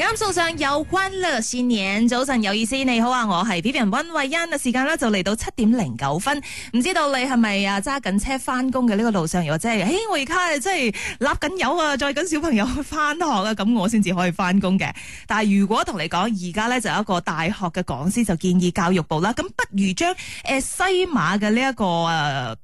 啱送上有歡樂善影早晨有意思，你好啊，我係 B B 人溫慧欣嘅時間呢就嚟到七點零九分，唔知道你係咪啊揸緊車翻工嘅呢個路上，或者係誒我而家誒即係立緊友啊，載緊小朋友返翻學啊，咁我先至可以翻工嘅。但係如果同你講，而家呢就有一個大學嘅講師就建議教育部啦，咁不如將誒、呃、西馬嘅呢一個誒、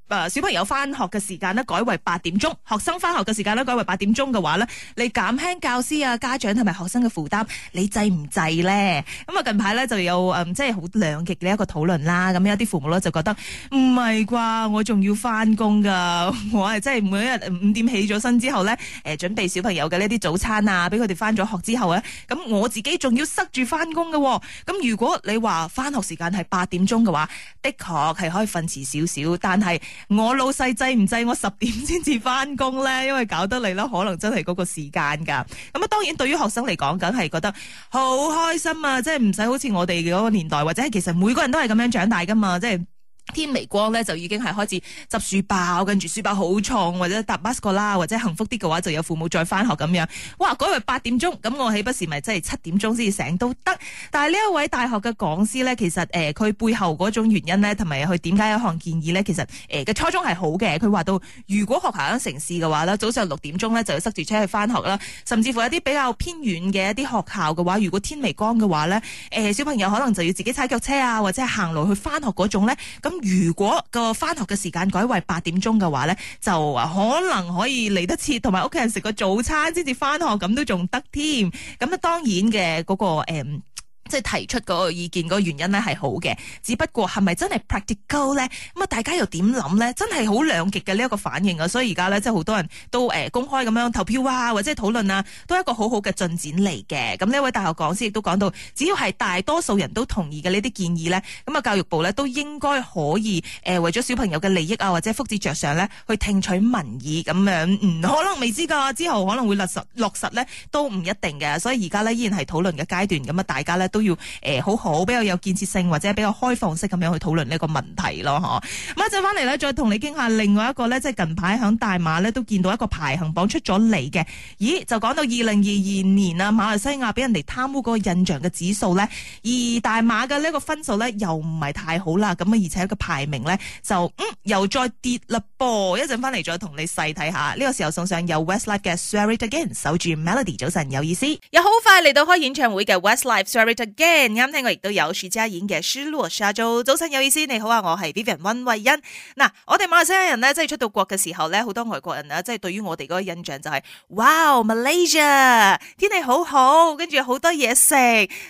呃、小朋友翻學嘅時間呢，改為八點鐘，學生翻學嘅時間呢，改為八點鐘嘅話呢，你減輕教師啊、家長同埋學生嘅負擔，你制唔制咧咁啊， 近排咧就有嗯，即係好兩極嘅一個討論啦。咁有啲父母咧就覺得唔係啩，我仲要翻工噶，我係真係每一日五點起咗身之後咧，誒，準備小朋友嘅呢啲早餐啊，俾佢哋翻咗學之後咧，咁我自己仲要塞住翻工喎。咁如果你話翻學時間係八點鐘嘅話，的確係可以瞓遲少少。但係我老細制唔制我十點先至翻工咧因為搞得嚟啦，可能真係嗰個時間噶。咁啊，當然對於學生嚟講緊。係覺得好開心啊！即係唔使好似我哋嗰個年代，或者係其實每個人都係咁樣長大噶嘛，即係。天微光咧，就已經係開始執書包，跟住書包好重，或者搭 bus 啦，或者幸福啲嘅話，就有父母再翻學咁樣。哇！嗰日八點鐘，咁我起不時咪真係七點鐘先至醒都得。但係呢一位大學嘅講師咧，其實誒佢、呃、背後嗰種原因咧，同埋佢點解有項建議咧，其實誒嘅、呃、初衷係好嘅。佢話到，如果學校喺城市嘅話咧，早上六點鐘咧就要塞住車去翻學啦。甚至乎有啲比較偏遠嘅一啲學校嘅話，如果天微光嘅話咧，誒、呃、小朋友可能就要自己踩腳車啊，或者係行路去翻學嗰種咧，咁。如果個翻學嘅時間改為八點鐘嘅話呢，就可能可以嚟得切，同埋屋企人食個早餐先至翻學，咁都仲得添。咁啊，當然嘅嗰、嗰個誒。嗯即係提出個意見個原因咧係好嘅，只不過係咪真係 practical 咧？咁啊，大家又點諗咧？真係好兩極嘅呢一個反應啊！所以而家咧，即係好多人都、呃、公開咁樣投票啊，或者討論啊，都係一個好好嘅進展嚟嘅。咁呢位大學講師亦都講到，只要係大多數人都同意嘅呢啲建議咧，咁啊，教育部咧都應該可以誒、呃、為咗小朋友嘅利益啊或者福祉着想咧，去聽取民意咁樣，唔、嗯、可能未知㗎。之後可能會落實落實咧，都唔一定嘅。所以而家咧依然係討論嘅階段，咁啊，大家咧。都要誒、呃、好好，比較有建設性或者比較開放式咁樣去討論呢一個問題咯，嗬。咁一陣翻嚟咧，再同你傾下另外一個咧，即係近排響大馬咧都見到一個排行榜出咗嚟嘅。咦？就講到二零二二年啊，馬來西亞俾人哋貪污個印象嘅指數咧，而大馬嘅呢一個分數咧又唔係太好啦。咁啊，而且個排名咧就嗯又再跌啦噃。一陣翻嚟再同你細睇下。呢、呢個時候送上由 Westlife 嘅 Swear It Again 守住 Melody，早晨有意思。又好快嚟到開演唱會嘅 Westlife Swear It Again。Again, 啱聽我亦都有薛之演嘅《s h a l o w s 早晨有意思，你好啊，我係 Vivian 溫慧欣。嗱、啊，我哋馬來西亞人咧，即係出到國嘅時候咧，好多外國人啊，即係對於我哋嗰個印象就係、是，哇，Malaysia 天氣好好，跟住好多嘢食。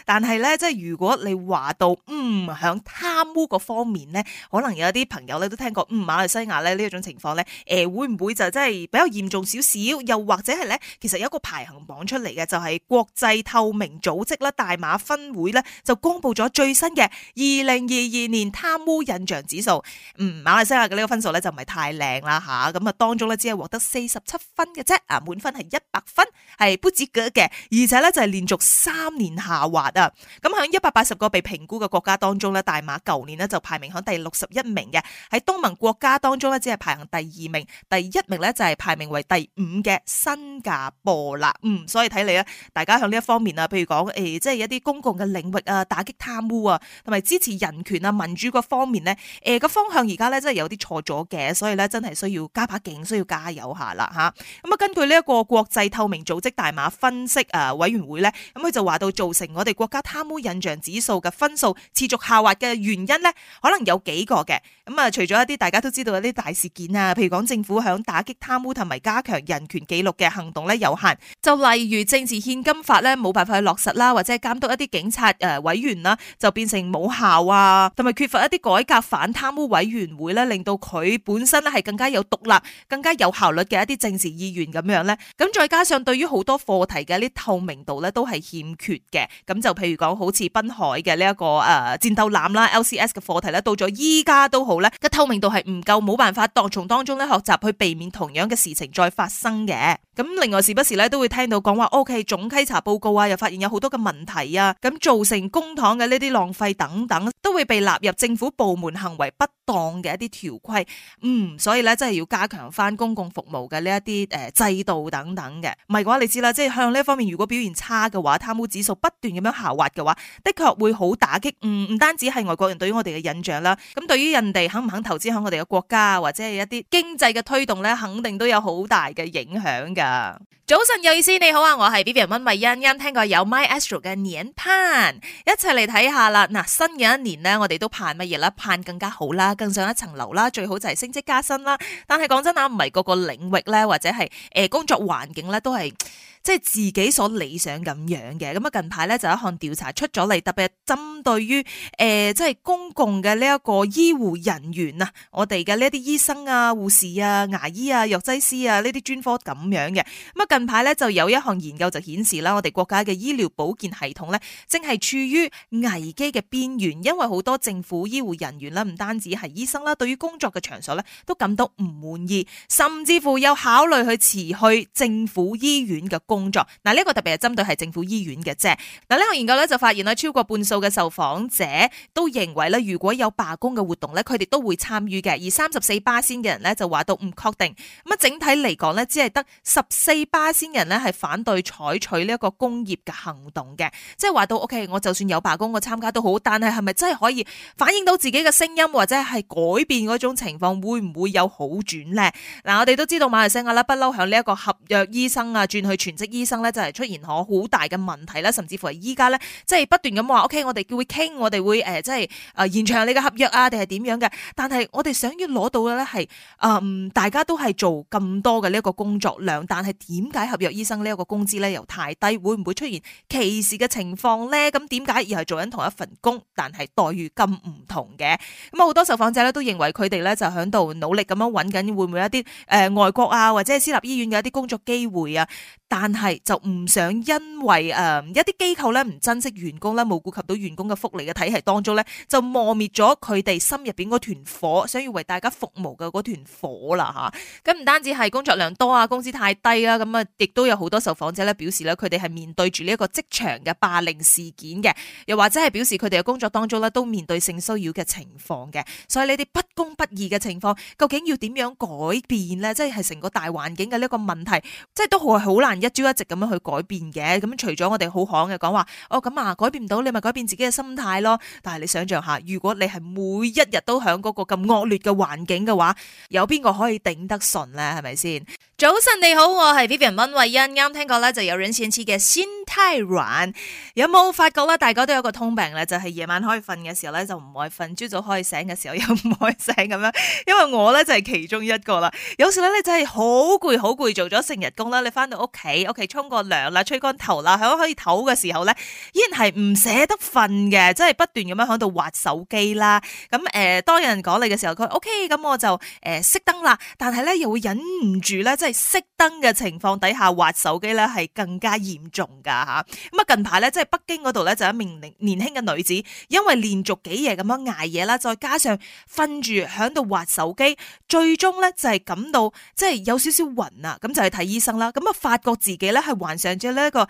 但係咧，即係如果你話到，嗯，響貪污嗰方面咧，可能有一啲朋友咧都聽過，嗯，馬來西亞咧呢一種情況咧，誒、呃，會唔會就真係比較嚴重少少？又或者係咧，其實有一個排行榜出嚟嘅，就係、是、國際透明組織啦，大馬分。會咧就公布咗最新嘅二零二二年貪污印象指數，嗯，馬來西亞嘅呢個分數咧就唔係太靚啦吓，咁啊當中咧只係獲得四十七分嘅啫，啊，滿分係一百分係不止嘅，而且咧就係連續三年下滑啊，咁響一百八十個被評估嘅國家當中咧，大馬舊年呢，就排名響第六十一名嘅，喺東盟國家當中咧只係排行第二名，第一名咧就係排名為第五嘅新加坡啦，嗯，所以睇嚟咧，大家響呢一方面啊，譬如講誒、呃，即係一啲公共。嘅領域啊，打擊貪污啊，同埋支持人權啊、民主嗰方面呢，誒、呃、個方向而家咧真係有啲錯咗嘅，所以咧真係需要加把勁，需要加油下啦嚇。咁啊，根據呢一個國際透明組織大馬分析誒委員會咧，咁佢就話到造成我哋國家貪污印象指數嘅分數持續下滑嘅原因呢，可能有幾個嘅。咁啊，除咗一啲大家都知道一啲大事件啊，譬如講政府響打擊貪污同埋加強人權紀錄嘅行動咧有限，就例如政治獻金法咧冇辦法去落實啦，或者係監督一啲警。警察誒委員啦，就變成冇效啊，同埋缺乏一啲改革反貪污委員會咧，令到佢本身咧係更加有獨立、更加有效率嘅一啲政治意願咁樣咧。咁再加上對於好多課題嘅一啲透明度咧都係欠缺嘅。咁就譬如講好似瀕海嘅呢一個誒、呃、戰鬥艦啦、LCS 嘅課題咧，到咗依家都好咧，個透明度係唔夠，冇辦法從當中咧學習去避免同樣嘅事情再發生嘅。咁另外時不時咧都會聽到講話，OK 總稽查報告啊，又發現有好多嘅問題啊，咁。造成公帑嘅呢啲浪費等等，都會被納入政府部門行為不當嘅一啲條規。嗯，所以咧真係要加強翻公共服務嘅呢一啲誒制度等等嘅。唔係嘅話，你知啦，即係向呢方面如果表現差嘅話，貪污指數不斷咁樣下滑嘅話，的確會好打擊。唔、嗯、唔單止係外國人對於我哋嘅印象啦，咁對於人哋肯唔肯投資喺我哋嘅國家或者係一啲經濟嘅推動咧，肯定都有好大嘅影響噶。早晨有意思，你好啊，我係 B B M 溫慧欣，剛剛剛聽過有 My Astro 嘅年一齊嚟睇下啦，嗱，新嘅一年咧，我哋都盼乜嘢啦？盼更加好啦，更上一層樓啦，最好就係升職加薪啦。但係講真啊，唔係個個領域咧，或者係誒工作環境咧，都係。即係自己所理想咁樣嘅，咁啊近排咧就有一項調查出咗嚟，特別係針對於、呃、即係公共嘅呢一個醫護人員啊，我哋嘅呢啲醫生啊、護士啊、牙醫啊、藥劑師啊呢啲專科咁樣嘅，咁啊近排咧就有一項研究就顯示啦，我哋國家嘅醫療保健系統咧正係處於危機嘅邊緣，因為好多政府醫護人員咧唔單止係醫生啦，對於工作嘅場所咧都感到唔滿意，甚至乎有考慮去辭去政府醫院嘅工作。工作嗱，呢個特別係針對係政府醫院嘅啫。嗱，呢個研究咧就發現咧，超過半數嘅受訪者都認為咧，如果有罷工嘅活動咧，佢哋都會參與嘅。而三十四巴仙嘅人咧就話到唔確定。咁啊，整體嚟講咧，只係得十四巴仙人咧係反對採取呢一個工業嘅行動嘅。即係話到，OK，我就算有罷工，我參加都好，但係係咪真係可以反映到自己嘅聲音，或者係改變嗰種情況，會唔會有好轉咧？嗱，我哋都知道馬來西亞啦，不嬲響呢一個合約醫生啊轉去全職。醫生咧就係出現咗好大嘅問題啦，甚至乎係依家咧即係不斷咁話，OK，我哋會傾，我哋會誒即係誒延長你嘅合約啊，定係點樣嘅？但係我哋想要攞到嘅咧係誒，大家都係做咁多嘅呢一個工作量，但係點解合約醫生呢一個工資咧又太低？會唔會出現歧視嘅情況咧？咁點解而係做緊同一份工，但係待遇咁唔同嘅？咁啊，好多受訪者咧都認為佢哋咧就喺度努力咁樣搵緊，會唔會一啲誒、呃、外國啊或者係私立醫院嘅一啲工作機會啊？但係就唔想因為誒、呃、一啲機構咧唔珍惜員工咧冇顧及到員工嘅福利嘅體系當中咧就磨滅咗佢哋心入邊嗰團火，想要為大家服務嘅嗰團火啦吓。咁、啊、唔單止係工作量多啊，工資太低啦，咁啊亦都有好多受訪者咧表示咧佢哋係面對住呢一個職場嘅霸凌事件嘅，又或者係表示佢哋嘅工作當中咧都面對性騷擾嘅情況嘅。所以你哋不公不義嘅情況究竟要點樣改變呢？即係成個大環境嘅呢個問題，即係都係好難。一朝一夕咁樣去改變嘅，咁除咗我哋好行嘅講話，哦咁啊改變唔到，你咪改變自己嘅心態咯。但係你想象下，如果你係每一日都響嗰個咁惡劣嘅環境嘅話，有邊個可以頂得順咧？係咪先？早晨你好，我係 Vivian 溫慧欣，啱啱聽過咧就有軟線似嘅先胎軟。有冇發覺咧？大家都有一個通病咧，就係、是、夜晚可以瞓嘅時候咧就唔愛瞓，朝早可以醒嘅時候又唔愛醒咁樣。因為我咧就係其中一個啦。有時咧你就係好攰好攰，做咗成日工啦，你翻到屋企。喺屋企沖個涼啦，吹乾頭啦，響可以唞嘅時候咧，依然係唔捨得瞓嘅，即係不斷咁樣響度滑手機啦。咁、呃、誒，當有人講你嘅時候，佢話 O K，咁我就誒熄燈啦。但係咧，又會忍唔住咧，即係熄燈嘅情況底下滑手機咧，係更加嚴重噶吓。咁啊，近排咧，即係北京嗰度咧，就有一名年年輕嘅女子，因為連續幾夜咁樣挨夜啦，再加上瞓住響度滑手機，最終咧就係、是、感到即係有少少暈啊，咁就去睇醫生啦。咁啊，發覺。自己咧，係患上咗呢一個耳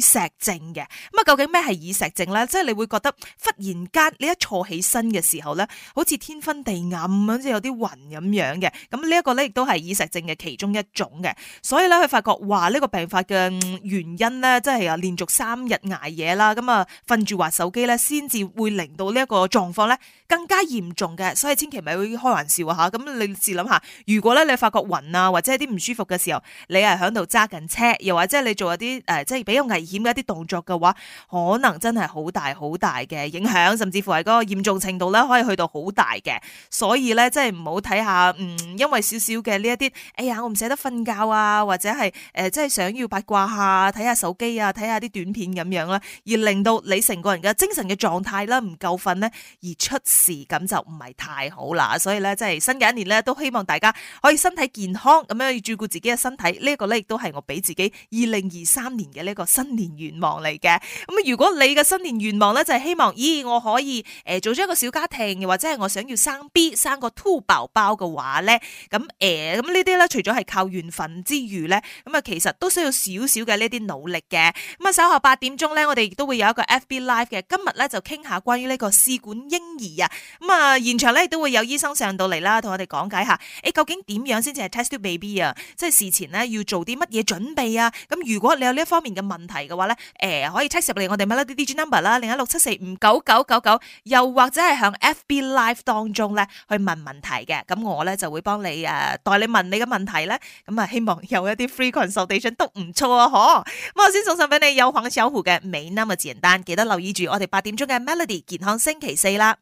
石症嘅，咁啊，究竟咩係耳石症咧？即係你會覺得忽然間你一坐起身嘅時候咧，好似天昏地暗，好似有啲暈咁樣嘅。咁呢一個咧亦都係耳石症嘅其中一種嘅。所以咧，佢發覺話呢個病發嘅原因咧，即係啊連續三日捱夜啦，咁啊瞓住玩手機咧，先至會令到呢一個狀況咧更加嚴重嘅，所以千祈唔係會開玩笑吓吓，咁你試諗下，如果咧你發覺暈啊，或者一啲唔舒服嘅時候，你係喺度揸緊車，又或者你做一啲、呃、即係比較危險嘅一啲動作嘅話，可能真係好大好大嘅影響，甚至乎係嗰個嚴重程度咧，可以去到好大嘅。所以咧，即係唔好睇下，嗯，因為少少嘅呢一啲，哎呀，我唔捨得瞓覺啊，或者係、呃、即係想要八卦下，睇下手機啊，睇下啲短片咁樣啦，而令到你成個人嘅精神嘅狀態啦，唔夠瞓咧而出事。咁就唔係太好啦，所以咧，即係新嘅一年咧，都希望大家可以身體健康咁樣，要照顧自己嘅身體呢一、呢個咧，亦都係我俾自己二零二三年嘅呢個新年願望嚟嘅。咁啊，如果你嘅新年願望咧，就係希望，咦、哎，我可以誒、呃、做咗一個小家庭，又或者係我想要生 B 生個兔寶寶嘅話咧，咁誒咁呢啲咧，除咗係靠緣分之餘咧，咁啊，其實都需要少少嘅呢啲努力嘅。咁啊，稍後八點鐘咧，我哋亦都會有一個 FB Live 嘅，今日咧就傾下關於呢個試管嬰兒。咁啊，現場咧都會有醫生上到嚟啦，同我哋講解下誒、欸，究竟點樣先至係 test tube baby 啊？即係事前咧要做啲乜嘢準備啊？咁、啊、如果你有呢一方面嘅問題嘅話咧，誒、呃，可以 text 入嚟我哋 Melody Digital Number 啦，另一六七四五九九九九，又或者係向 FB Live 當中咧去問問題嘅，咁、啊、我咧就會幫你誒、呃、代你問你嘅問題咧。咁啊，希望有一啲 free consultation 都唔錯啊！嗬，咁我先送上俾你有黃小虎嘅美 number 單，記得留意住我哋八點鐘嘅 Melody 健康星期四啦。